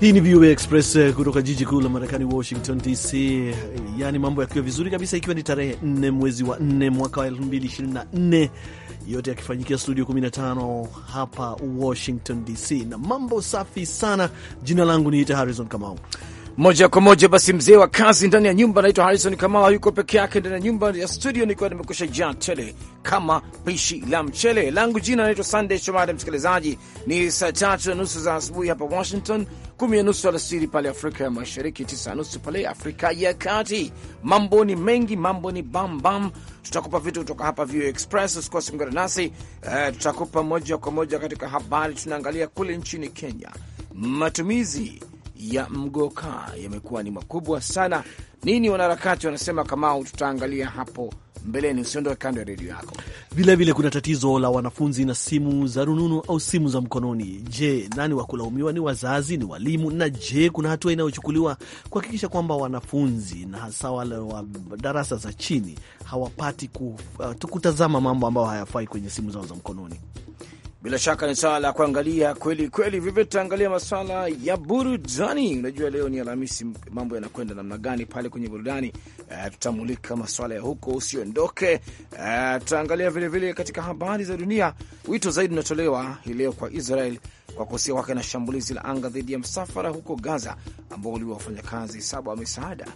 Hii ni VOA Express eh, kutoka jiji kuu la Marekani, Washington DC. Yaani mambo yakiwa vizuri kabisa, ikiwa ni tarehe 4 mwezi wa 4 mwaka wa nne yote yakifanyikia studio 15 hapa Washington DC, na mambo safi sana. Jina langu ni Ita Harrison Kamau moja kwa moja basi, mzee wa kazi ndani ya nyumba anaitwa Harrison Kamala, yuko peke yake ndani ya nyumba ya studio, nikiwa nimekusha jaa tele kama pishi la mchele langu. Jina anaitwa Sunday Shomari. Msikilizaji, ni saa tatu na nusu za asubuhi hapa Washington, kumi na nusu alasiri pale Afrika ya Mashariki, tisa na nusu pale Afrika ya Kati. Mambo ni mengi, mambo ni bambam. Tutakupa vitu kutoka hapa VOA Express, usikose, ungana nasi. Uh, tutakupa moja kwa moja katika habari. Tunaangalia kule nchini Kenya matumizi ya mgoka yamekuwa ni makubwa sana. Nini wanaharakati wanasema? Kamau, tutaangalia hapo mbeleni. Usiondoe kando ya redio yako. Vilevile kuna tatizo la wanafunzi na simu za rununu au simu za mkononi. Je, nani wa kulaumiwa? Ni wazazi? Ni walimu? Na je, kuna hatua inayochukuliwa kuhakikisha kwamba wanafunzi na hasa wale wa darasa za chini hawapati uh, kutazama mambo ambayo hayafai kwenye simu zao za mkononi? Bila shaka ni swala la kuangalia kweli kweli. Vivyo tutaangalia maswala ya burudani. Unajua, leo ni Alhamisi, mambo yanakwenda namna gani pale kwenye burudani? Uh, tutamulika maswala ya huko, usiondoke. Uh, tutaangalia vilevile katika habari za dunia, wito zaidi unatolewa hii leo kwa Israel kwa kuhusia wake na shambulizi la anga dhidi ya msafara huko Gaza ambao uliwa wafanyakazi saba wa misaada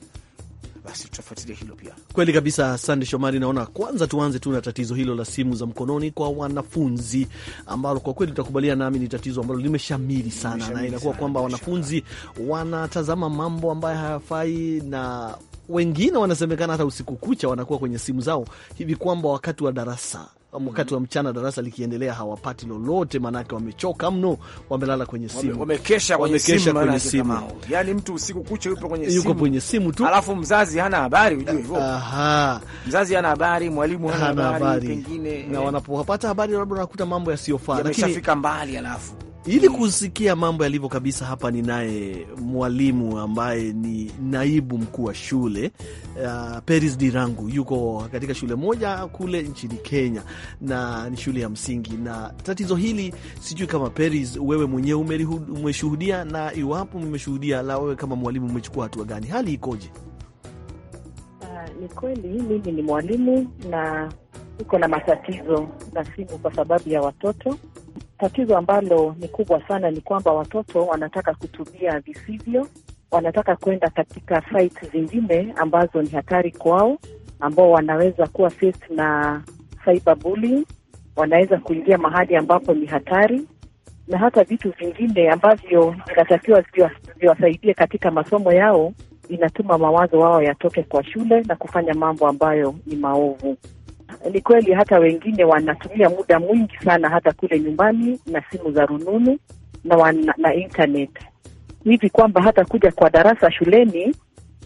basi tutafuatilia hilo pia. Kweli kabisa, Sande Shomari. Naona kwanza tuanze tu na tatizo hilo la simu za mkononi kwa wanafunzi, ambalo kwa kweli tutakubalia nami ni tatizo ambalo limeshamiri sana, na inakuwa kwamba wanafunzi wanatazama mambo ambayo hayafai na wengine wanasemekana hata usiku kucha wanakuwa kwenye simu zao hivi kwamba wakati wa darasa wakati wa mchana darasa likiendelea, hawapati lolote, maanake wamechoka mno, wamelala kwenye simu, wamekesha kwenye simu, kwenye simu. Yani mtu usiku kucha yupo kwenye simu, yuko kwenye simu tu, alafu mzazi hana habari, ujue hivyo. Aha, mzazi hana habari, mwalimu hana habari, pengine na eh. wanapopata habari labda wanakuta mambo yasiyofaa, lakini yameshafika mbali, alafu ili kusikia mambo yalivyo kabisa, hapa ninaye mwalimu ambaye ni naibu mkuu wa shule uh, Peris Dirangu yuko katika shule moja kule nchini Kenya na ni shule ya msingi, na tatizo hili sijui kama Peris wewe mwenyewe umeshuhudia, na iwapo mmeshuhudia, la wewe kama mwalimu umechukua hatua gani? Hali ikoje? Uh, ni kweli mimi ni mwalimu na iko na matatizo na simu kwa sababu ya watoto tatizo ambalo ni kubwa sana ni kwamba watoto wanataka kutumia visivyo, wanataka kwenda katika sites zingine ambazo ni hatari kwao, ambao wanaweza kuwa faced na cyberbullying, wanaweza kuingia mahali ambapo ni hatari na hata vitu vingine ambavyo vinatakiwa viwasaidie katika masomo yao, inatuma mawazo wao yatoke kwa shule na kufanya mambo ambayo ni maovu. Ni kweli hata wengine wanatumia muda mwingi sana hata kule nyumbani na simu za rununu na wana, na internet hivi kwamba hata kuja kwa darasa shuleni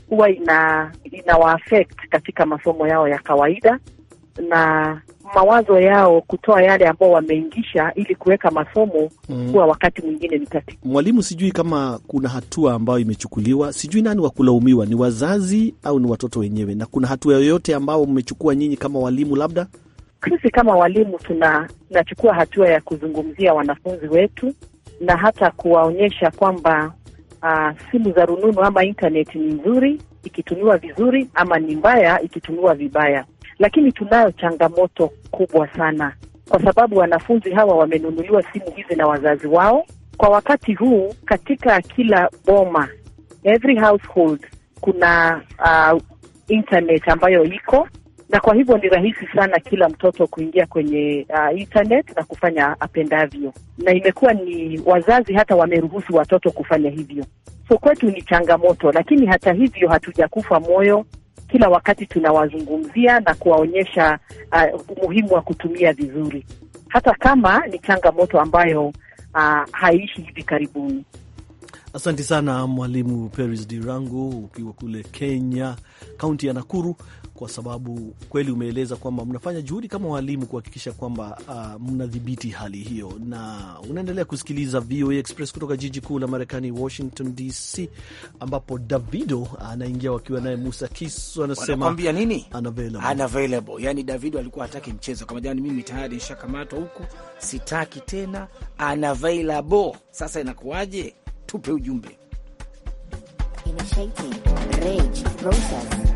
huwa ina, ina katika masomo yao ya kawaida na mawazo yao kutoa yale ambao wameingisha ili kuweka masomo mm. kuwa wakati mwingine ni tatizo. Mwalimu, sijui kama kuna hatua ambayo imechukuliwa, sijui nani wa kulaumiwa, ni wazazi au ni watoto wenyewe, na kuna hatua yoyote ambao mmechukua nyinyi kama walimu? Labda sisi kama walimu tuna tunachukua hatua ya kuzungumzia wanafunzi wetu na hata kuwaonyesha kwamba uh, simu za rununu ama intaneti ni nzuri ikitumiwa vizuri ama ni mbaya ikitumiwa vibaya lakini tunayo changamoto kubwa sana, kwa sababu wanafunzi hawa wamenunuliwa simu hizi na wazazi wao. Kwa wakati huu, katika kila boma, every household, kuna uh, internet ambayo iko na kwa hivyo ni rahisi sana kila mtoto kuingia kwenye uh, internet na kufanya apendavyo, na imekuwa ni wazazi hata wameruhusu watoto kufanya hivyo. So kwetu ni changamoto, lakini hata hivyo hatujakufa moyo kila wakati tunawazungumzia na kuwaonyesha uh, umuhimu wa kutumia vizuri, hata kama ni changamoto ambayo uh, haiishi hivi karibuni. Asante sana Mwalimu Peris Dirango, ukiwa kule Kenya, kaunti ya Nakuru, kwa sababu kweli umeeleza kwamba mnafanya juhudi kama walimu kuhakikisha kwamba uh, mnadhibiti hali hiyo. Na unaendelea kusikiliza VOA Express kutoka jiji kuu la Marekani, Washington DC, ambapo Davido anaingia wakiwa naye Musa Kiso anasema nini? Unavailable. Unavailable. Yani Davido alikuwa hataki mchezo kama jani, mimi tayari nishakamatwa huko, sitaki tena. Unavailable. Sasa inakuwaje? Tupe ujumbe. Initiating, rage, process.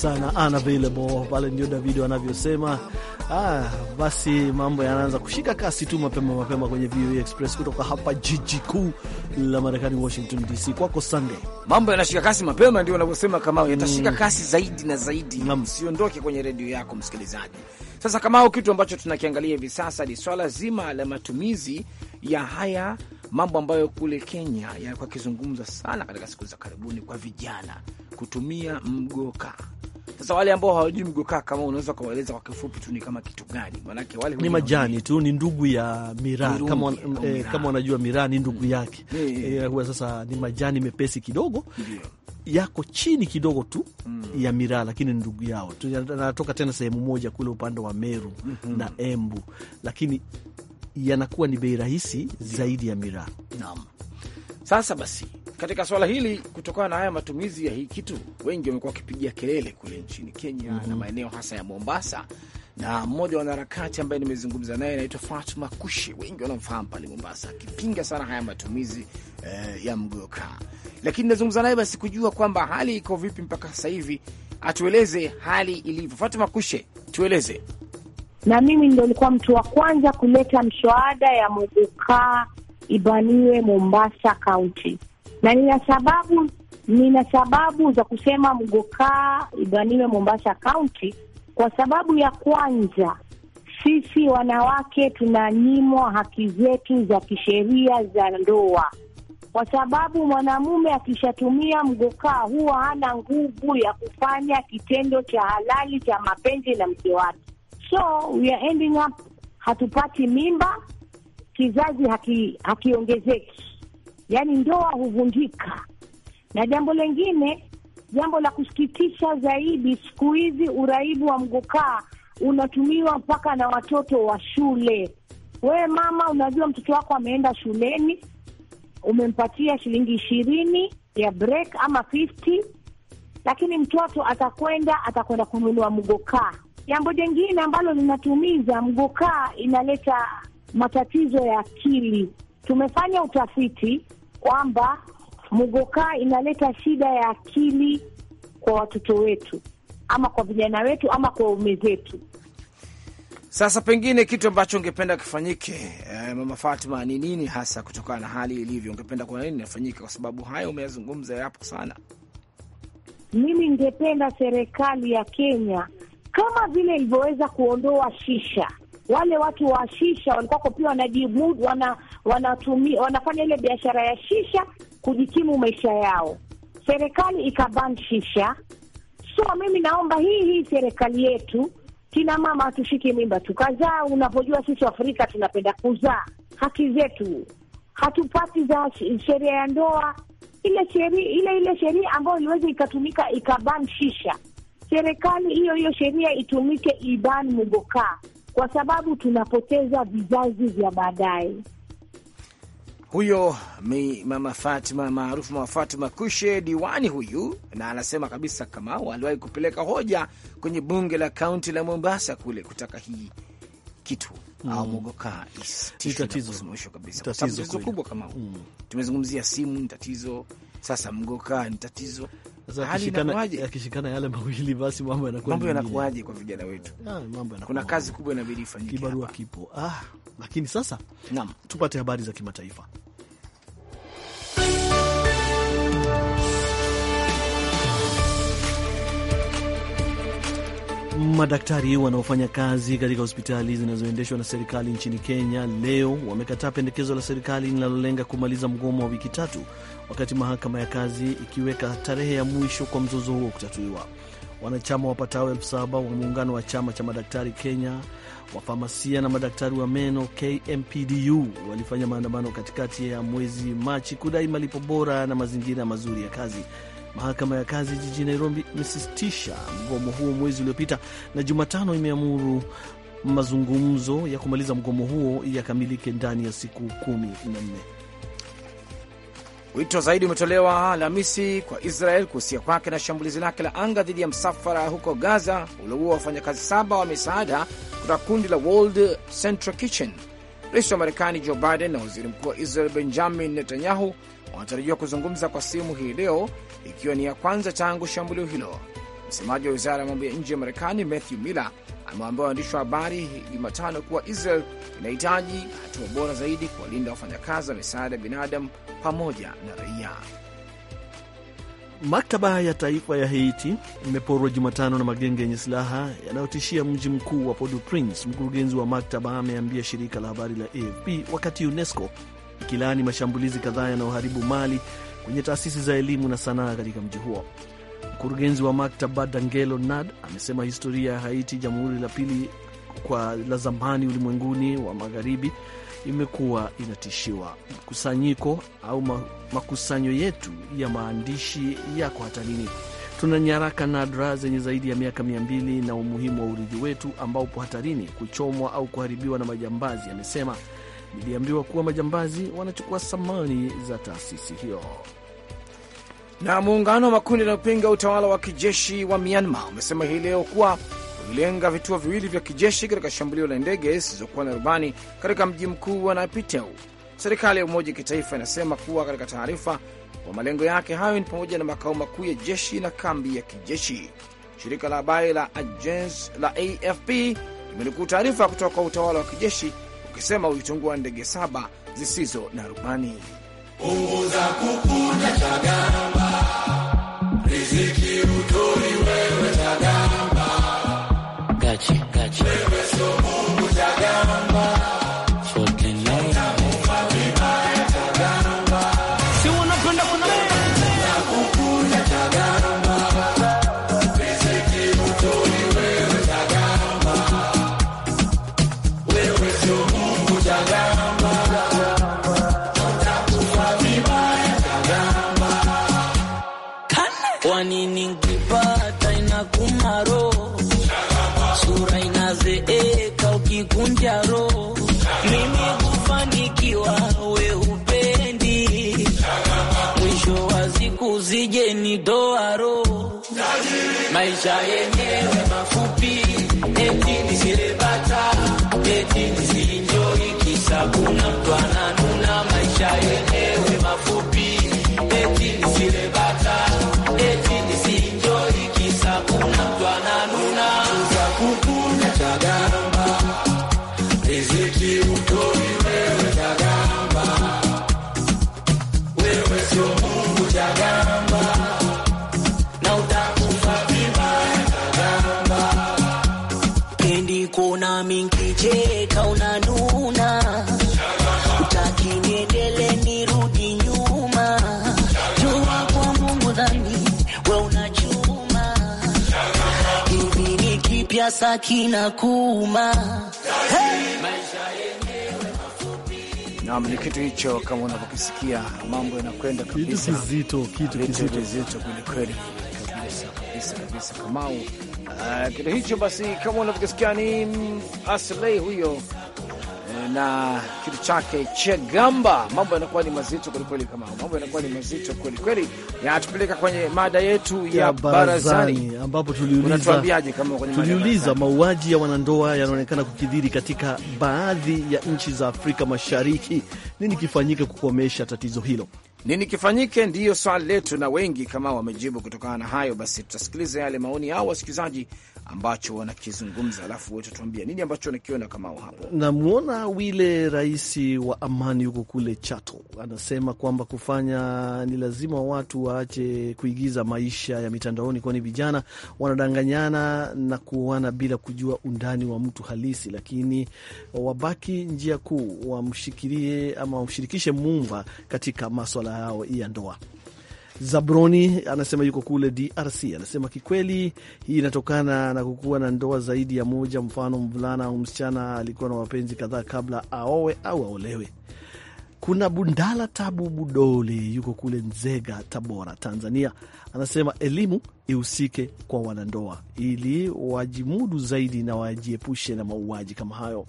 sana unavailable pale, ndio David anavyosema. Ah, basi mambo yanaanza kushika kasi tu mapema mapema kwenye VOA Express kutoka hapa jiji kuu la Marekani, Washington DC. Kwako Sunday, mambo yanashika kasi mapema, ndio wanavyosema kama mm. yatashika kasi zaidi na zaidi. Usiondoke kwenye redio yako msikilizaji. Sasa kama kitu ambacho tunakiangalia hivi sasa ni swala zima la matumizi ya haya mambo ambayo kule Kenya yalikuwa akizungumza sana katika siku za karibuni, kwa vijana kutumia mgoka sasa wale ambao hawajui mgokaa, kama unaweza kuwaeleza kwa kifupi tu ni kama kitu gani? Manake wale ni majani tu, ni ndugu ya miraa kama, eh, kama wanajua miraa ni ndugu mm. yake eh, huwa sasa ni majani mepesi kidogo Ndiyo yako chini kidogo tu mm. ya miraa lakini ndugu yao anatoka tena sehemu moja kule upande wa Meru mm -hmm. na Embu, lakini yanakuwa ni bei rahisi zaidi ya miraa. Naam, sasa basi katika swala hili, kutokana na haya matumizi ya hii kitu, wengi wamekuwa wakipigia kelele kule nchini Kenya mm -hmm. na maeneo hasa ya Mombasa na mmoja wa wanaharakati ambaye nimezungumza naye anaitwa Fatma Kushi, wengi wanamfahamu pale Mombasa, akipinga sana haya matumizi eh, ya mgoka. Lakini nazungumza naye basi kujua kwamba hali iko vipi mpaka sasa hivi, atueleze hali ilivyo. Fatma Kushe, tueleze. Na mimi ndo nilikuwa mtu wa kwanza kuleta mswada ya mgoka ibaniwe Mombasa Kaunti, na nina sababu nina sababu za kusema mgokaa ibaniwe Mombasa County kwa sababu ya kwanza, sisi wanawake tunanyimwa haki zetu za kisheria za ndoa, kwa sababu mwanamume akishatumia mgokaa huwa hana nguvu ya kufanya kitendo cha halali cha mapenzi na mke wake, so we are ending up hatupati mimba, kizazi haki hakiongezeki yaani ndoa huvunjika. Na jambo lengine, jambo la kusikitisha zaidi, siku hizi uraibu wa mgokaa unatumiwa mpaka na watoto wa shule. Wewe mama, unajua mtoto wako ameenda shuleni, umempatia shilingi ishirini ya break ama 50, lakini mtoto atakwenda atakwenda kununua mgokaa. Jambo jingine ambalo linatumiza mgokaa, inaleta matatizo ya akili. Tumefanya utafiti kwamba mugokaa inaleta shida ya akili kwa watoto wetu ama kwa vijana wetu ama kwa ume zetu. Sasa pengine kitu ambacho ungependa kifanyike, eh, Mama Fatima, ni nini hasa kutokana na hali ilivyo, ungependa kuona nini inafanyika? Kwa sababu hayo umeyazungumza yapo sana. Mimi ningependa serikali ya Kenya kama vile ilivyoweza kuondoa shisha, wale watu wa shisha walikuwako pia wanajimudu, wana wanatumia, wanafanya ile biashara ya shisha kujikimu maisha yao. Serikali ikaban shisha. So mimi naomba hii hii serikali yetu, kina mama hatushiki mimba tukazaa. Unapojua sisi Afrika tunapenda kuzaa, haki zetu hatupati za sheria ya ndoa ile sheria ile ile sheria ambayo iliweza ikatumika ikaban shisha. Serikali hiyo hiyo sheria itumike iban mugokaa, kwa sababu tunapoteza vizazi vya baadaye. Huyo mi mama Fatima maarufu mama Fatima Kushe, diwani huyu, na anasema kabisa kama aliwahi kupeleka hoja kwenye bunge la kaunti la Mombasa kule kutaka hii kitu mm. au mogoka isitishwe kabisa. Tatizo kubwa kama mm. tumezungumzia simu ni tatizo, sasa mgoka ni tatizo akishikana yale mawili basi mambo yanakuwa mambo yanakuaje kwa vijana wetu? Ah, mambo yanakuwa kuna kazi kubwa inabidi ifanyike, kibarua kipo. Ah, lakini sasa naam, tupate habari za kimataifa. Madaktari wanaofanya kazi katika hospitali zinazoendeshwa na serikali nchini Kenya leo wamekataa pendekezo la serikali linalolenga kumaliza mgomo wa wiki tatu, wakati mahakama ya kazi ikiweka tarehe ya mwisho kwa mzozo huo kutatuliwa. Wanachama wapatao elfu saba wa muungano wa chama cha madaktari Kenya, wafamasia na madaktari wa meno KMPDU walifanya maandamano katikati ya mwezi Machi kudai malipo bora na mazingira mazuri ya kazi Mahakama ya kazi jijini Nairobi imesitisha mgomo huo mwezi uliopita na Jumatano imeamuru mazungumzo ya kumaliza mgomo huo yakamilike ndani ya siku kumi na nne. Wito zaidi umetolewa Alhamisi kwa Israel kuhusia kwake na shambulizi lake la anga dhidi ya msafara huko Gaza ulioua wafanyakazi saba wa misaada kutoka kundi la World Central Kitchen. Rais wa Marekani Joe Biden na waziri mkuu wa Israel Benjamin Netanyahu wanatarajiwa kuzungumza kwa simu hii leo, ikiwa ni ya kwanza tangu shambulio hilo. Msemaji wa wizara ya mambo ya nje ya Marekani Matthew Miller amewaambia waandishi wa habari Jumatano kuwa Israel inahitaji hatua bora zaidi kuwalinda wafanyakazi wa misaada ya binadamu pamoja na raia. Maktaba ya taifa ya Haiti imeporwa Jumatano na magenge yenye silaha yanayotishia mji mkuu wa Port-au-Prince. Mkurugenzi wa maktaba ameambia shirika la habari la AFP wakati UNESCO ikilaani mashambulizi kadhaa yanayoharibu mali kwenye taasisi za elimu na sanaa katika mji huo. Mkurugenzi wa maktaba Dangelo Nad amesema historia ya Haiti, jamhuri la pili kwa la zamani ulimwenguni wa magharibi, imekuwa inatishiwa. Mkusanyiko au makusanyo yetu ya maandishi yako hatarini. Tuna nyaraka nadra zenye zaidi ya miaka mia mbili na umuhimu wa urithi wetu ambao upo hatarini kuchomwa au kuharibiwa na majambazi, amesema liliamriwa kuwa majambazi wanachukua samani za taasisi hiyo. Na muungano wa makundi yanayopinga utawala wa kijeshi wa Myanmar umesema hii leo kuwa ulilenga vituo viwili vya kijeshi katika shambulio la ndege zisizokuwa na rubani katika mji mkuu wa Naypyitaw. Serikali ya Umoja wa Kitaifa inasema kuwa katika taarifa kwa malengo yake hayo ni pamoja na makao makuu ya jeshi na kambi ya kijeshi. Shirika la habari la Agence la AFP limenukuu taarifa kutoka kwa utawala wa kijeshi ukisema ulitungua ndege saba zisizo na rubani. Punguza kukuna Chagamba, riziki utoi wewe Chagamba gachi, gachi. kunikunja roho mimi kufanikiwa we upendi, mwisho wa siku zije ni doa roho. Maisha yenyewe mafupi, eti nisilebata eti mpya sakina kuuma nam ni kitu hicho, kama unavyokisikia mambo yanakwenda kabisa, kitu kizito, kitu kizito kweli, kabisa kabisa kabisa, Kamau. Uh, kitu hicho basi, kama unavyokisikia ni aslei huyo na kitu chake Chegamba. Mambo yanakuwa ni mazito kwelikweli, kama mambo yanakuwa ni mazito kwelikweli, yanatupeleka kwenye mada yetu ya, ya barazani, ambapo tuliuliza tuliuliza mauaji ya wanandoa yanaonekana kukidhiri katika baadhi ya nchi za Afrika Mashariki. Nini kifanyike kukomesha tatizo hilo? Nini kifanyike? Ndiyo swali letu, na wengi kama wamejibu kutokana na hayo. Basi tutasikiliza yale maoni au wasikilizaji ambacho wanakizungumza, alafu wote tuambia nini ambacho wanakiona Kamao hapo. Namwona wile rais wa amani huko kule Chato anasema kwamba kufanya ni lazima watu waache kuigiza maisha ya mitandaoni, kwani vijana wanadanganyana na kuoana bila kujua undani wa mtu halisi, lakini wabaki njia kuu, wamshikirie ama wamshirikishe muumba katika maswala yao ya ndoa. Zabroni anasema yuko kule DRC. Anasema kikweli, hii inatokana na kukuwa na ndoa zaidi ya moja. Mfano, mvulana au msichana alikuwa na wapenzi kadhaa kabla aowe au aolewe. Kuna Bundala Tabu Budole, yuko kule Nzega, Tabora, Tanzania. Anasema elimu ihusike kwa wanandoa ili wajimudu zaidi na wajiepushe na mauaji kama hayo.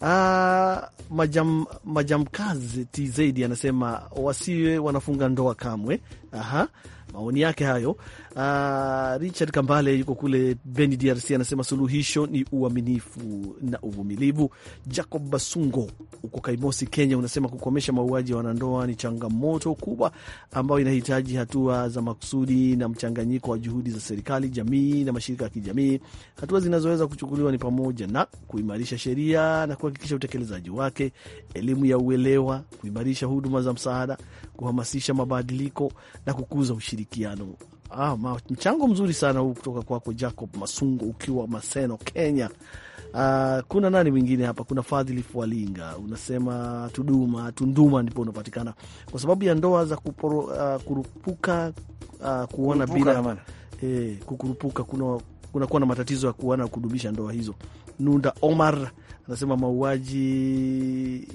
Ah, majam, majamkazi TZ anasema wasiwe wanafunga ndoa kamwe. Aha, maoni yake hayo. Uh, Richard Kambale yuko kule Beni, DRC, anasema suluhisho ni uaminifu na uvumilivu. Jacob Basungo uko Kaimosi, Kenya, unasema kukomesha mauaji ya wanandoa ni changamoto kubwa ambayo inahitaji hatua za makusudi na mchanganyiko wa juhudi za serikali, jamii na mashirika ya kijamii. Hatua zinazoweza kuchukuliwa ni pamoja na kuimarisha sheria na kuhakikisha utekelezaji wake, elimu ya uelewa, kuimarisha huduma za msaada, kuhamasisha mabadiliko na kukuza ushirikiano. Ah, mchango mzuri sana huu kutoka kwako Jacob Masungu ukiwa Maseno, Kenya. Uh, kuna nani mwingine hapa? Kuna Fadhili fualinga unasema Tuduma Tunduma ndipo unapatikana kwa sababu ya ndoa za kuporo, uh, kurupuka uh, kuona bila eh, kukurupuka kuna kunakuwa na matatizo ya kuana kudumisha ndoa hizo. Nunda Omar anasema mauaji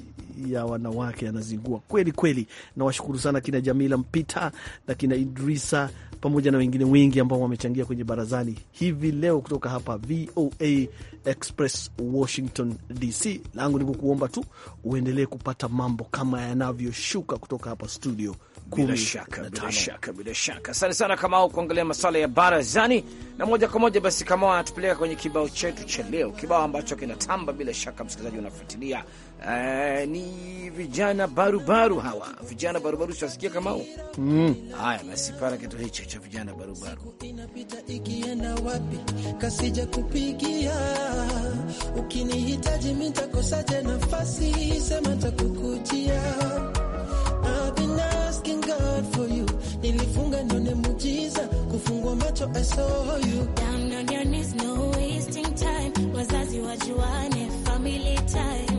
ya wanawake yanazingua kweli kweli. Nawashukuru sana kina Jamila Mpita na kina Idrisa pamoja na wengine wengi ambao wamechangia kwenye barazani hivi leo kutoka hapa VOA Express Washington DC. Langu ni kukuomba tu uendelee kupata mambo kama yanavyoshuka kutoka hapa studio. Bila shaka, bila shaka, bila shaka. Asante sana Kamao kuangalia maswala ya barazani, na moja kwa moja basi Kamao anatupeleka kwenye kibao chetu cha leo, kibao ambacho kinatamba bila shaka, msikilizaji unafuatilia Uh, ni vijana barubaru hawa, vijana barubaru tutasikia kama hao mm. Haya basi, para kitu hicho cha vijana barubaru inapita ikienda wapi, kasija kupigia ukinihitaji mitakosaje nafasi, sema takukujia nilifunga nione mujiza, kufungua macho I saw you down on your knees, no wasting time, wazazi wajuane, family time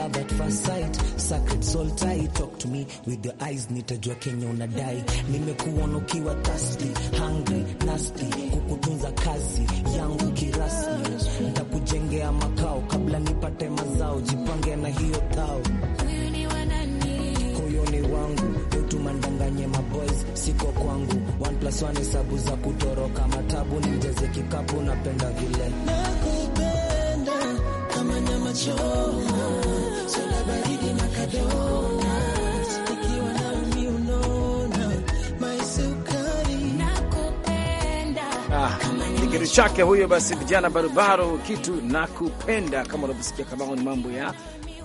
love at first sight, sacred soul tie. Talk to me with your eyes, nitajua Kenya unadai. Nimekuona ukiwa thirsty, hungry, nasty, kukutunza kazi yangu kirasmi. Nitakujengea makao kabla nipate mazao, jipange na hiyo thao koyoni wangu mandanganye maboys siko kwangu, one plus one hesabu za kutoroka matabu, ni mjeze kikapu, napenda vile nakupenda kama nyama choma Ah, kitu chake huyo basi, vijana barubaru, kitu nakupenda. Kama unavyosikia kama ni mambo ya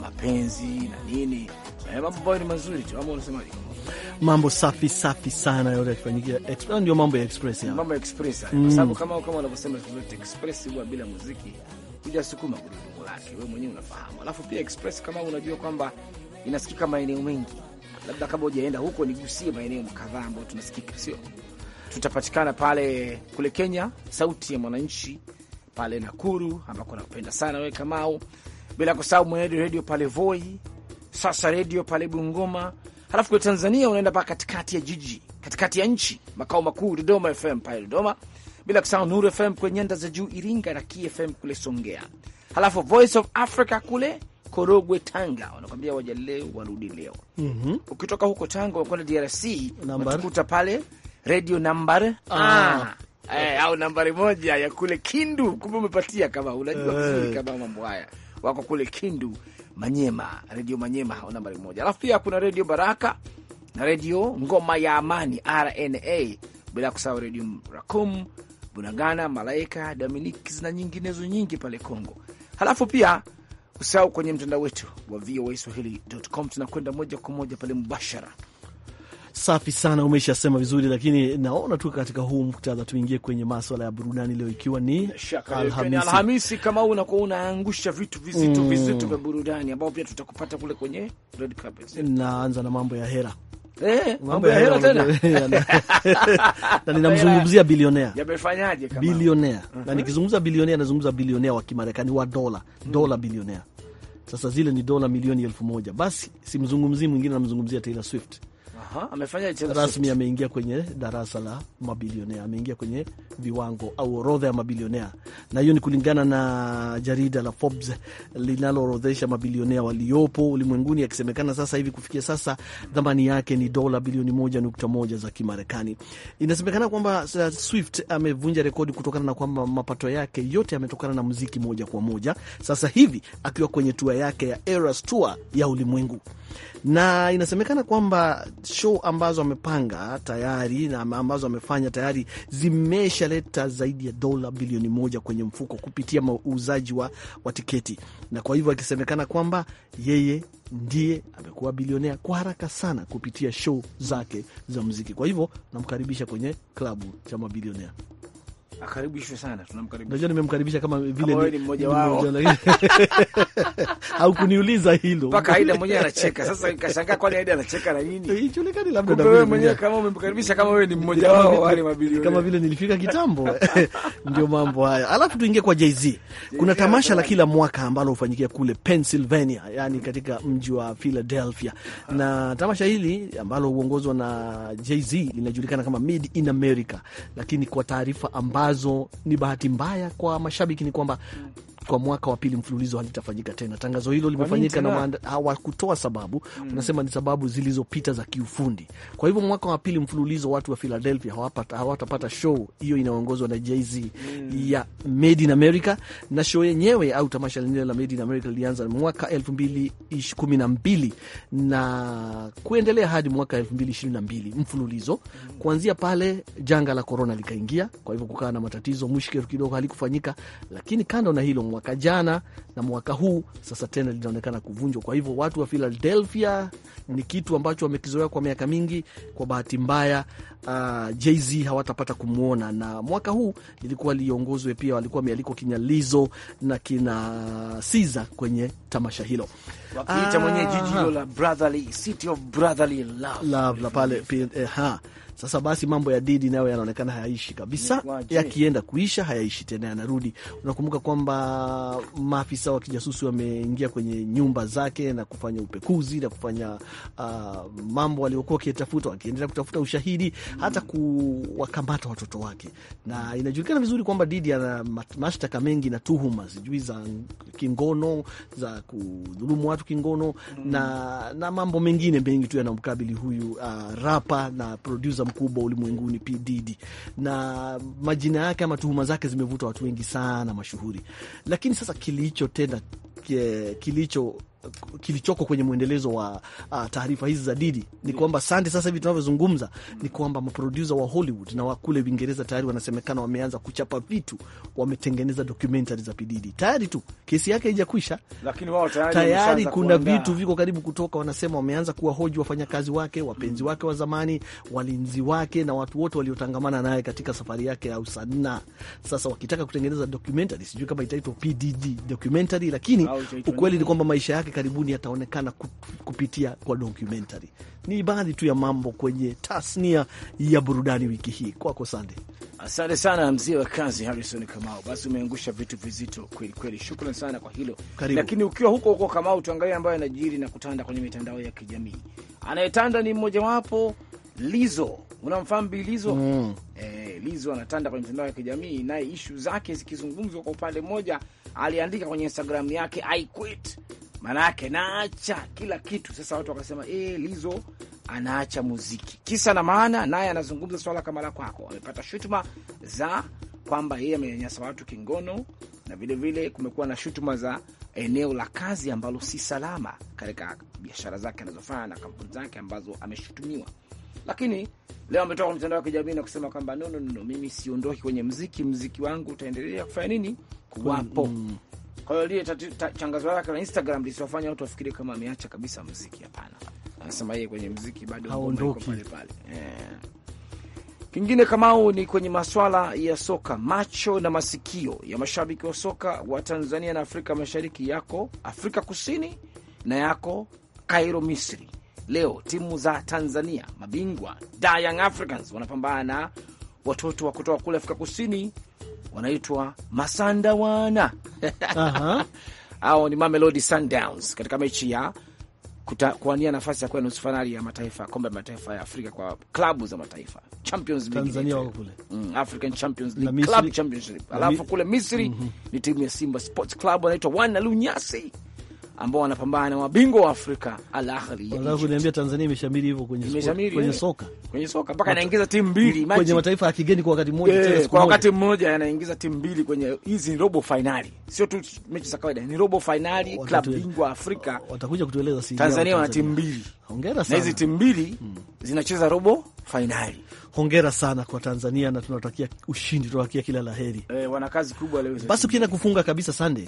mapenzi na nini, eh, mambo ambayo ni mazuri tu, ama unasemaje? Mambo safi safi sana, yote yakifanyikia ndio mambo ya express, mambo ya express, kwa mm. sababu kama kama unavyosema express huwa bila muziki hujasukuma gurudumu lake, wewe mwenyewe unafahamu. Alafu pia express kama unajua kwamba inasikika maeneo mengi, labda kama hujaenda huko nigusie maeneo kadhaa ambayo tunasikika, sio tutapatikana pale kule Kenya, sauti ya mwananchi pale Nakuru ambako nakupenda sana wewe Kamau, bila kusahau Mwenedu redio pale Voi, sasa redio pale Bungoma. Halafu kwa Tanzania unaenda mpaka katikati ya jiji, katikati ya nchi, makao makuu Dodoma FM pale Dodoma bila kusahau Nuru FM kule nyanda za juu Iringa na KFM kule Songea, halafu Voice of Africa kule Korogwe, Tanga, wanakwambia waja leo warudi leo. mm -hmm. Ukitoka huko Tanga unakwenda DRC unatukuta pale redio nambar ah. ah. Eh, au nambari moja ya kule Kindu. Kumbe umepatia kama unajua eh. vizuri eh, kama mambo haya wako kule Kindu, Manyema, redio Manyema au nambari moja. Alafu pia kuna redio Baraka na redio Ngoma ya Amani RNA, bila kusahau redio Rakum Bunagana, Malaika, Dominikis na nyinginezo nyingi pale Congo. Halafu pia usahau kwenye mtandao wetu wa VOA Swahili.com, tunakwenda moja kwa moja pale mubashara. Safi sana, umeshasema vizuri, lakini naona tu katika huu muktadha tuingie kwenye maswala ya burudani leo, ikiwa ni Alhamisi. Alhamisi kama huu unakuwa unaangusha vitu vizito mm, vizito vya burudani ambao pia tutakupata kule kwenye red carpet. Naanza na mambo ya hera Eh, mambo ya hela tena. Na ninamzungumzia bilionea. Yamefanyaje kama? Bilionea. Na uh-huh. nikizungumza bilionea nazungumza bilionea wa Kimarekani wa dola, hmm. Dola bilionea. Sasa zile ni dola milioni elfu moja. Basi simzungumzii mwingine namzungumzia Taylor Swift. Aha, amefanya rasmi, ameingia kwenye darasa la mabilionea, ameingia kwenye viwango au orodha ya mabilionea, na hiyo ni kulingana na jarida la Forbes linaloorodhesha mabilionea waliopo ulimwenguni, akisemekana sasa hivi kufikia sasa thamani yake ni dola bilioni moja nukta moja za Kimarekani. Inasemekana kwamba uh, Swift amevunja rekodi kutokana na kwamba mapato yake yote yametokana na muziki moja kwa moja, sasa hivi akiwa kwenye tua yake ya Eras Tour ya ulimwengu, na inasemekana kwamba show ambazo amepanga tayari na ambazo amefanya tayari zimeshaleta zaidi ya dola bilioni moja kwenye mfuko kupitia uuzaji wa, wa tiketi, na kwa hivyo akisemekana kwamba yeye ndiye amekuwa bilionea kwa haraka sana kupitia show zake za mziki Kwa hivyo namkaribisha kwenye klabu cha mabilionea akaribishwe sana, tunamkaribisha. Najua nimemkaribisha kama vile ni mmoja wao au kuniuliza hilo mpaka Aida mwenyewe anacheka. Sasa nikashangaa, kwani Aida anacheka na nini? Eh, Ijulikani, labda wewe mwenyewe kama umemkaribisha kama wewe ni mmoja yaani wao wale mabilioni, kama vile nilifika kitambo. Ndio mambo haya. Alafu tuingie kwa Jay-Z. Kuna tamasha la kila mwaka ambalo hufanyikia kule Pennsylvania, yani katika mji wa Philadelphia, na tamasha hili ambalo huongozwa na Jay-Z linajulikana kama Made in America, lakini kwa taarifa ambayo ambazo ni bahati mbaya kwa mashabiki ni kwamba kwa mwaka wa pili mfululizo halitafanyika tena. Tangazo hilo limefanyika na maanda, hawakutoa sababu mm. Unasema ni sababu zilizopita za kiufundi. Kwa hivyo mwaka wa pili mfululizo watu wa Philadelphia hawatapata show hiyo inayoongozwa na Jay-Z mm. ya Made in America, na show yenyewe au tamasha lenyewe la Made in America lilianza mwaka elfu mbili kumi na mbili na kuendelea hadi mwaka elfu mbili ishirini na mbili mfululizo. Hmm. Kuanzia pale janga la korona likaingia, kwa hivyo kukawa na matatizo, mwisho kidogo halikufanyika, lakini kando na hilo mwaka jana na mwaka huu sasa tena linaonekana kuvunjwa. Kwa hivyo watu wa Philadelphia ni kitu ambacho wamekizoea kwa miaka mingi. Kwa bahati mbaya, uh, Jay-Z hawatapata kumwona, na mwaka huu ilikuwa liongozwe pia, walikuwa mialiko kinyalizo na kina Siza kwenye tamasha hilo wakiita mwenye ah, jiji hilo la brotherly, city of brotherly love, love la pale eh, ha sasa basi, mambo ya Didi nayo yanaonekana hayaishi kabisa, yakienda kuisha hayaishi tena, yanarudi. Unakumbuka kwamba maafisa wa kijasusi wameingia kwenye nyumba zake na kufanya upekuzi na kufanya uh, mambo waliokuwa wakitafuta, wakiendelea kutafuta ushahidi hata kuwakamata watoto wake, na inajulikana vizuri kwamba Didi ana mashtaka mengi na tuhuma sijui za kingono za kudhulumu watu kingono mm. na, na mambo mengine mengi tu yanamkabili huyu uh, rapa na produsa mkubwa ulimwenguni P Diddy, na majina yake ama tuhuma zake zimevuta watu wengi sana mashuhuri, lakini sasa kilicho tena kilicho kilichoko kwenye mwendelezo wa uh, taarifa hizi za Didi ni kwamba sande, sasa hivi tunavyozungumza ni kwamba maprodusa wa Hollywood na wakule Uingereza tayari wanasemekana wameanza kuchapa vitu, wametengeneza dokumentari za Pididi tayari tu, kesi yake haijakwisha, lakini wao tayari, tayari kuna kuanda, vitu viko karibu kutoka, wanasema wameanza kuwahoji wafanyakazi wake, wapenzi mm. wake wa zamani, walinzi wake na watu wote waliotangamana naye katika safari yake ya usanaa. Sasa wakitaka kutengeneza dokumentari, sijui kama itaitwa PDD dokumentari, lakini ukweli ni kwamba maisha yake karibuni yataonekana kupitia kwa documentary. Ni baadhi tu ya mambo kwenye tasnia ya burudani wiki hii. Kwako Sande. Asante sana mzee wa kazi Harrison Kamau, basi umeangusha vitu vizito kweli kweli, shukran sana kwa hilo. Karibu. Lakini ukiwa huko huko Kamau, tuangalie ambayo yanajiri na kutanda kwenye mitandao ya kijamii. Anayetanda ni mmojawapo Lizo, unamfahamu Bi Lizo? Mm. Eh, Lizo anatanda kwenye mitandao ya kijamii naye ishu zake zikizungumzwa kwa upande mmoja, aliandika kwenye Instagram yake I quit maanayake naacha kila kitu. Sasa watu wakasema e, Lizo anaacha muziki kisa na maana, naye anazungumza swala kama la kwako. Amepata shutuma za kwamba yeye amenyanyasa watu kingono na vilevile kumekuwa na shutuma za eneo la kazi ambalo si salama katika biashara zake anazofanya na kampuni zake ambazo ameshutumiwa. Lakini leo ametoka kwenye mitandao ya kijamii na kusema kwamba no, no, no, mimi siondoki kwenye mziki, mziki wangu utaendelea kufanya nini kuwapo. mm -hmm. Kwa hiyo lile tangazo lake la Instagram lisiwafanya watu wafikiri kama ameacha kabisa muziki. Hapana, anasema yeye kwenye muziki bado haondoki pale pale. Yeah. Kingine kamao ni kwenye maswala ya soka. Macho na masikio ya mashabiki wa soka wa Tanzania na Afrika Mashariki yako Afrika Kusini na yako Kairo, Misri. Leo timu za Tanzania mabingwa Young Africans wanapambana na watoto wa kutoka kule Afrika Kusini wanaitwa Masandawana au ni Mamelodi Sundowns katika mechi ya kuania nafasi ya kuwa nusu fainali ya mataifa kombe ya mataifa ya Afrika kwa klabu za mataifa Champions League kule. Mm, African Champions League Club Championship, alafu kule Misri mm -hmm. ni timu ya Simba Sports Club wanaitwa Wana Lunyasi ambao wanapambana na mabingwa wa Afrika Al Ahly. Kuniambia Tanzania imeshamiri hivyo kwenye, kwenye eh. soka kwenye soka mpaka anaingiza timu mbili kwenye mataifa ya kigeni kwa wakati mmoja yeah, kwa wakati mmoja anaingiza timu mbili kwenye hizi, ni robo finali, sio tu mechi za kawaida, ni robo finali. Klabu bingwa Afrika watakuja kutueleza. Tanzania wana timu mbili, hongera sana, na hizi timu mbili hmm, zinacheza robo finali hongera sana kwa Tanzania na tunatakia ushindi, tunatakia kila la heri. E, eh, wana kazi kubwa leo. Basi ukienda kufunga kabisa Sande,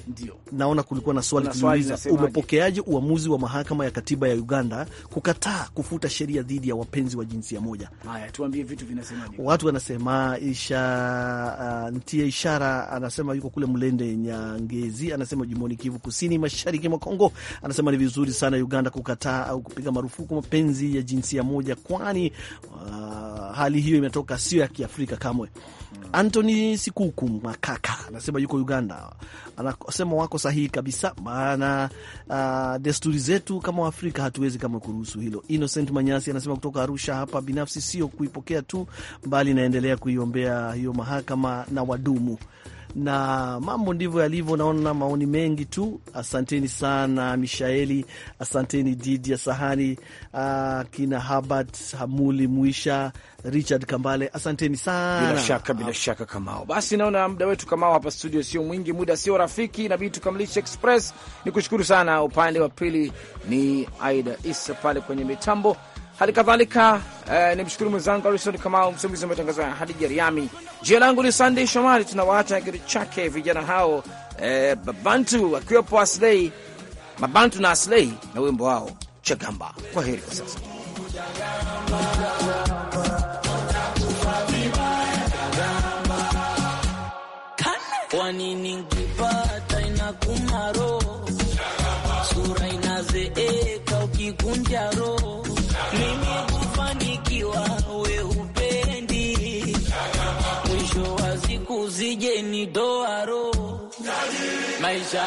naona kulikuwa na swali tuliuliza, umepokeaje uamuzi wa mahakama ya katiba ya Uganda kukataa kufuta sheria dhidi ya wapenzi wa jinsia moja? Haya, tuambie vitu vinasemaje. Watu wanasema isha, uh, ntie ishara anasema yuko kule Mlende Nyangezi, anasema jumoni Kivu Kusini, mashariki mwa Kongo, anasema ni vizuri sana Uganda kukataa au kupiga marufuku mapenzi ya jinsia moja, kwani uh, hali hiyo imetoka sio ya Kiafrika kamwe. Anthony Sikuku Makaka anasema yuko Uganda, anasema wako sahihi kabisa, maana uh, desturi zetu kama Waafrika hatuwezi kama kuruhusu hilo. Innocent Manyasi anasema kutoka Arusha, hapa binafsi sio kuipokea tu, mbali naendelea kuiombea hiyo mahakama na wadumu na mambo ndivyo yalivyo. Naona maoni mengi tu. Asanteni sana Mishaeli, asanteni Didi ya Sahani, uh, ah, kina habart Hamuli Mwisha, Richard Kambale, asanteni sana. Bila shaka, bila ah. shaka Kamao. Basi naona muda wetu Kamao hapa studio sio mwingi, muda sio rafiki, inabidi tukamilishe Express. Ni kushukuru sana. Upande wa pili ni Aida Isa pale kwenye mitambo hali kadhalika eh, nimshukuru mwenzangu Arison Kamau, msimamizi wa matangazo ya Hadija Riami. Jina langu ni Sandey Shomari, tunawaacha kitu chake vijana hao eh, Babantu akiwepo Aslei, Mabantu na Aslei na wimbo wao Chagamba. Kwa heri kwa sasa. Kwa nini ngipata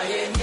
Zion.